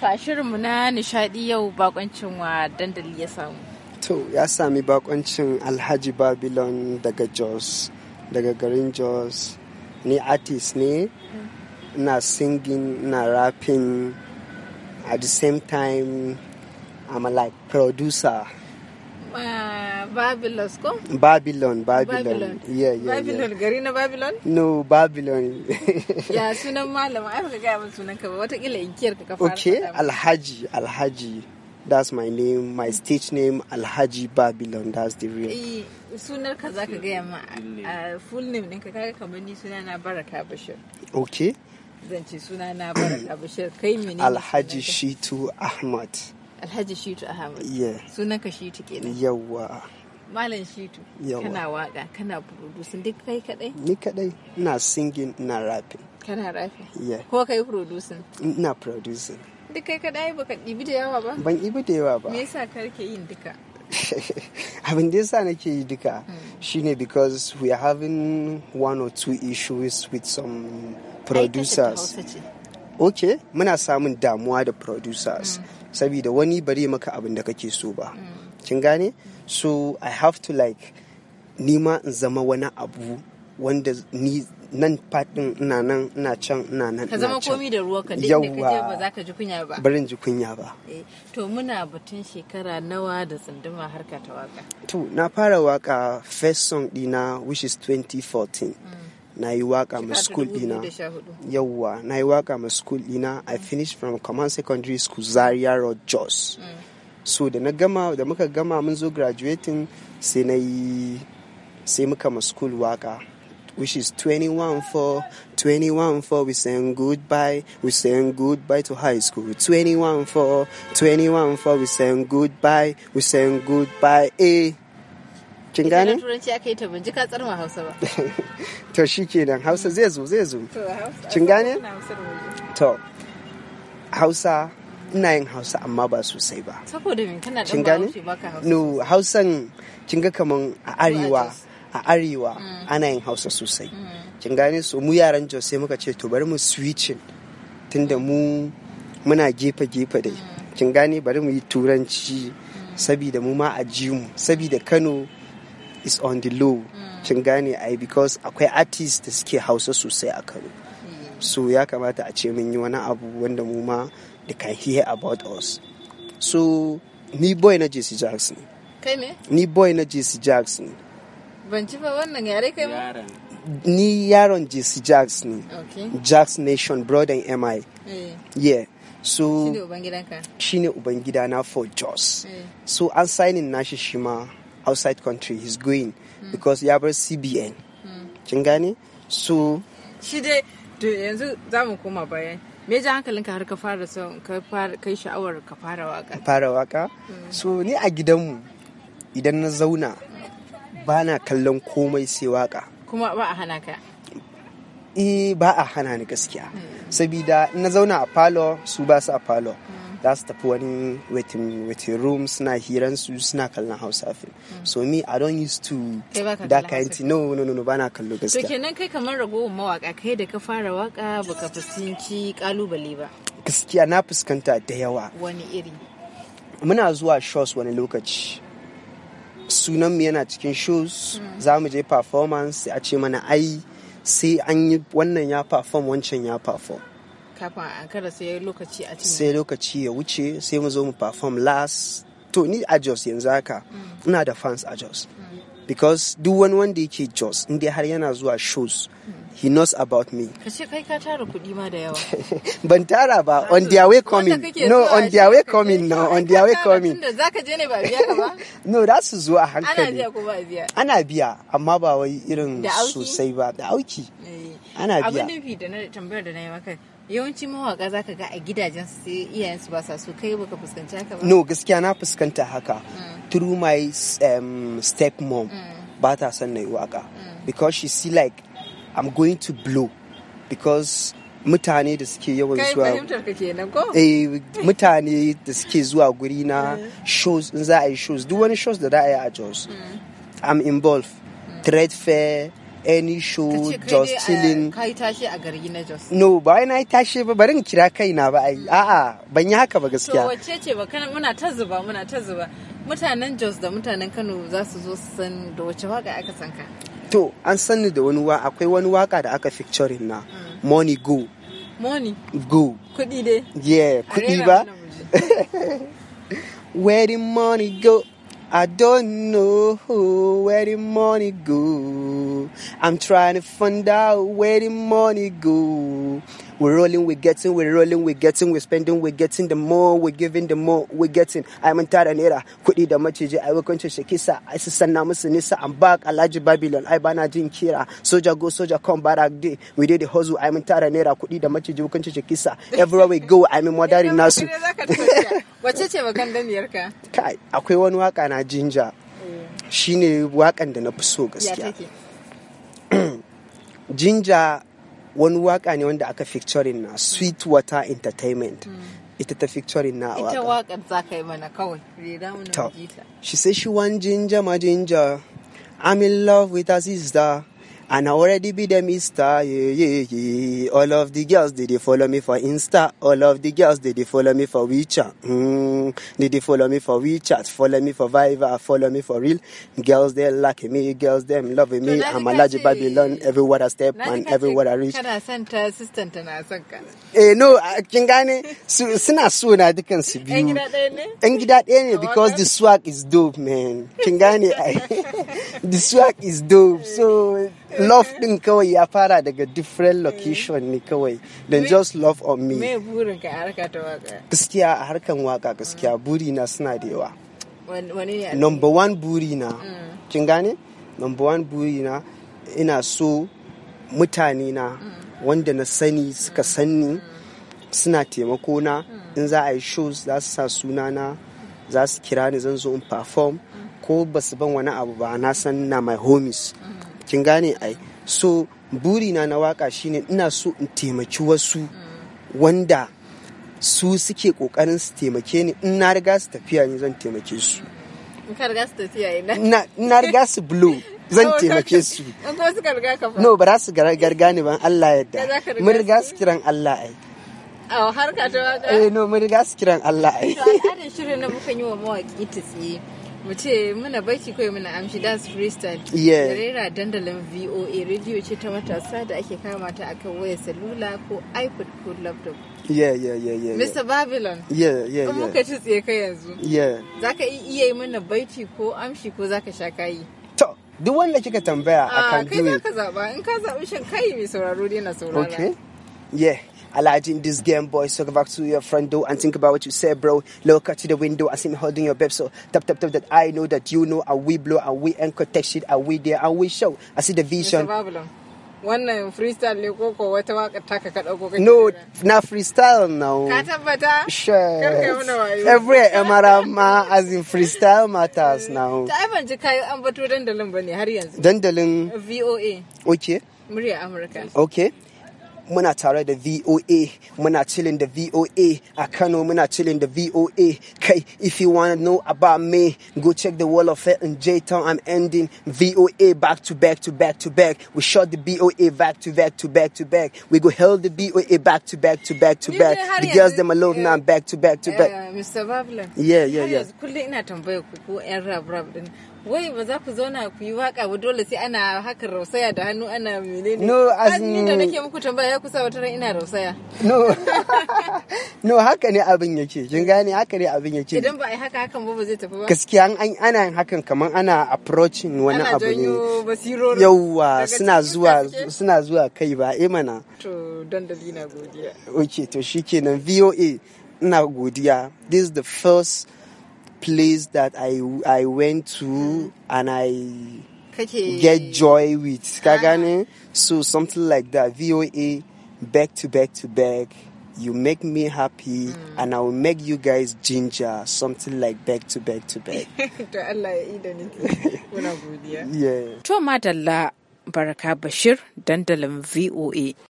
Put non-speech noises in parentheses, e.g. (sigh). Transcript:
To a shirinmu na nishadi yau bakoncin wa dandali ya samu. To ya sami bakoncin Alhaji Babylon daga Jos, daga garin Jos. Ni artist ne, mm. na singing, na rapping, at the same time I'm like producer. uh, ko? Babilon Babilon. Babylon. Yeah, yeah, gari na Babilon? No, Babilon? ya sunan malama, ai baka gaya min sunan ka ba, in kiyar ka fara. Okay, Alhaji, Alhaji. That's my name, my stage name, Alhaji Babilon That's the real. sunar ka za ka gaya ma a full name ɗinka kaga kamar ni suna na Baraka Bashir. Okay. Zan ce suna na Baraka Bashir, kai mene Alhaji Shitu Ahmad. Alhaji Shitu Ahmad. Yeah. Sunanka Shitu kenan. Yawwa. Malam Shitu. Yawwa. Kana waka, kana producing duk kai kadai? Ni kadai, ina singing, ina rapping. Kana rapping? Yeah. Ko kai producing? Ina producing. Duk kai kadai baka ɗibi da yawa ba? Ban ɗibi da yawa ba. Me yasa karke yin duka? (laughs) abin da yasa nake yi duka hmm. shine because we are having one or two issues with some producers okay muna samun damuwa da producers mm. saboda wani bare maka abin da kake so ba kin gane so i have to like nima in zama wani abu wanda ni nan fadin ina nan ina can ina nan ka zama komi da ruwa ka kaje ba za ka ji kunya ba barin ji kunya ba eh, to muna batun shekara nawa da tsunduma harka ta waka to na fara waka first song dina which is 2014 mm. na yi waka ma school dina yawwa na yi waka ma school dina i finished from command secondary school zaria road jos mm. so da na gama da muka gama mun zo graduating sai na yi sai muka ma school waka which is 21 for 21 for we saying goodbye we saying goodbye to high school 21 for 21 for we saying goodbye we saying goodbye eh kin gane turanci aka yi ta ban ka tsarma hausa ba (laughs) to shikenan hausa zai zo zai zo kin gane to hausa ina yin hausa amma ba sosai ba saboda me kana dan ba hausa no hausan kin ga kaman a arewa a arewa mm. ana yin hausa sosai mm. kin gane so mu yaran jos sai muka ce to bari mu switching tunda mu muna gefe gefe dai mm. kin gane bari mu yi turanci sabida mu ma a ji mu sabida kano is on the low kin gane ai because akwai artist da suke hausa sosai a kano so ya kamata a ce mun yi wani abu wanda mu ma they can hear about us so ni boy na jesse jackson kai ne ni boy na jesse jackson ban ci ba wannan yare kai ma ni yaron jesse jackson okay. jacks nation brother in mi eh. yeah so shine ubangidana for jos eh. so an signing nashi shi ma outside country he's going mm. because have a cbn kin gane so shi dai to yanzu za mu koma bayan me ja hankalinka har ka fara son ka kai sha'awar ka fara waka fara waka hmm. so ni a gidanmu idan na zauna ba na kallon komai sai waka kuma ba a hana ka eh ba a hana ni gaskiya hmm. sabida na zauna a falo su ba su a falo za su tafi wani waiting room suna hiran su suna kallon hausa film hmm. so me i don't used to that kind no no no no bana kallo gaskiya to kenan kai kamar ragowar mawaka kai da ka fara waka baka fuskanci kalubale ba gaskiya na fuskanta da yawa wani iri muna zuwa shows wani lokaci sunanmu yana cikin shows hmm. za mu je performance a ce mana ai sai an yi wannan ya perform wancan ya perform kafin a ankara sai lokaci a cikin sai lokaci ya wuce sai mu zo mu perform last to ni a Jos yanzu haka mm. ina da fans a Jos because duk wani wanda yake Jos inda har yana zuwa shows mm. he knows about me. ce kai ka tara kuɗi ma da yawa. (laughs) Ban tara ba on their way coming. No on their way coming no on their way coming. zaka je ne ba biya ka ba? (laughs) No za su zo a hankali. Ana biya ko ba biya? Ana biya amma ba wai irin sosai ba da auki. Eh. Ana biya. Abin nufi da na tambayar da na yi maka yawanci mawaka za ka ga a gidajen su iyayen su ba sa so kai baka fuskanci haka ba no gaskiya na fuskanta haka hmm. through my um, step mom hmm. ba ta son na yi waka hmm. because she see like i'm going to blow because mutane da suke yawan zuwa eh mutane da suke zuwa guri na shows in za a yi shows duk wani shows da za a yi a Jos I'm involved trade fair any show just chilling eh, kai tashi a gari na Jos no ba na yi tashi ba barin kira kai na ba ai mm. a'a ban yi haka ba gaskiya to wacce ce ba kana muna ta zuba muna ta zuba mutanen Jos da mutanen Kano za su zo su san da wace waka aka san ka to an sani da wani waka akwai wani waka da aka picturing na mm. money go money go kudi dai yeah kudi ba (laughs) where the money go I don't know where the money go. I'm trying to find out where the money go. We're rolling, we're getting, we're rolling, we're getting, we're spending, we're getting the more, we're giving the more, we're getting. I'm in Taranera, kuɗi da maciji, I work on Shekisa, I sanna musu nisa, I'm back, Alaji Babylon, I bana jin kira, soja go, soja come, barak day, we did the hustle, I'm in Taranera, kuɗi da maciji, we Shekisa. Everywhere we go, I'm in Modern Nasu. Wace ce bakan damiyarka? Kai, akwai wani waka na jinja. Shine wakan da na fi so gaskiya. Jinja (clears throat) wani waka ne wanda aka picturing na Sweet Water Entertainment. Mm. Ita ta picturing na waka. Ita wakan za ka yi mana kawai. Rera mana ta. She say she want jinja ma jinja I'm in love with her sister. And I already be the mister, yeah, yeah, yeah. All of the girls, did they follow me for Insta? All of the girls, did they follow me for WeChat? Mm, did they follow me for WeChat? Follow me for Viber? Follow me for real? Girls, they like me. Girls, them loving me. I'm a large Babylon everywhere I step and everywhere I reach. I send assistant na I ka. Eh no, kin soon as soon na dukan su biyu. Yan that any? because the swag is dope man. Kin (laughs) the swag is dope. So (laughs) love din kawai ya fara daga different eh. location ne kawai than just love on me me burin ka harka ta waka gaskiya a harkan waka gaskiya ah. buri na suna da yawa number one buri na mm. kin gane number one buri na ina so mutane na mm. wanda na sani suka mm. sani suna taimako na in za a yi shows za su sa sunana za su kira ni zan zo in perform ko ba su ban wani abu ba na san na my homies kin gane ai so burina na waka shine ina so in taimaki wasu wanda su suke kokarin su taimake ni in na riga su tafiya ni zan taimake su in ka riga su tafiya ina na riga su blow zan (laughs) taimake su no ba za su garga ni ban Allah yadda mun riga su kiran Allah ai a harka ta waka eh no mun riga su kiran Allah ai to al'adar shirin na muka yi wa mawaki tsiye mu ce muna baki kai muna amshi dance freestyle yeah. rera dandalin voa rediyo ce ta matasa da ake kama ta akan wayar salula ko ipod ko laptop yeah yeah yeah yeah mr babylon yeah yeah yeah muka ci tsaye kai yanzu yeah zaka iya yi mana baiti ko amshi ko zaka sha kayi to duk wanda kika tambaya akan ah, do it kai ka zaba in ka zabi shan kai mai sauraro dai na saurara okay yeah Aladdin, this game, boy. So go back to your front door and think about what you said, bro. Look out to the window and see me holding your babe. So tap, tap, tap that I know that you know, and we blow, and we anchor tech shit, and we there, and we show. I see the vision. wannan uh, freestyle ne koko wata waka taka ka dauko kake no na freestyle now ka tabbata sure Every amara ma as in freestyle matters uh, now ta ban ji kai an bato dandalin bane har yanzu dandalin VOA okay murya Amurka okay muna tare da VOA, muna chilling da VOA a Kano, muna chilling da VOA. Kai, if you want to know about me, go check the wall of it in J Town. I'm ending VOA back to back to back to back. We shot the BOA back to back to back to back. We go held the BOA back to back to back to back. The girls them alone now back to back to back. Mr. Babla. Yeah, yeah, yeah. Kullum ina tambaya ku ko 'yan rab-rab din. wai ba za ku zauna ku yi waka ba dole sai ana hakan rausaya da hannu ana menene no as in da nake muku tambaya kusa wata ran ina rausaya no (laughs) no haka ne abin yake kin gane haka ne abin yake idan ba a haka hakan ba ba zai tafi ba gaskiya an ana yin hakan kamar ana approaching wani abu ne yawwa suna zuwa suna zuwa kai ba eh mana to dandali na godiya okay to shikenan VOA ina godiya this is the first place that I I went to and I get joy with ah. ka so something like that VOA back to back to back you make me happy mm. and I will make you guys ginger something like back to back to back. To (laughs) Allah ya ida (laughs) Yeah. To madalla Baraka Bashir dandalin VOA.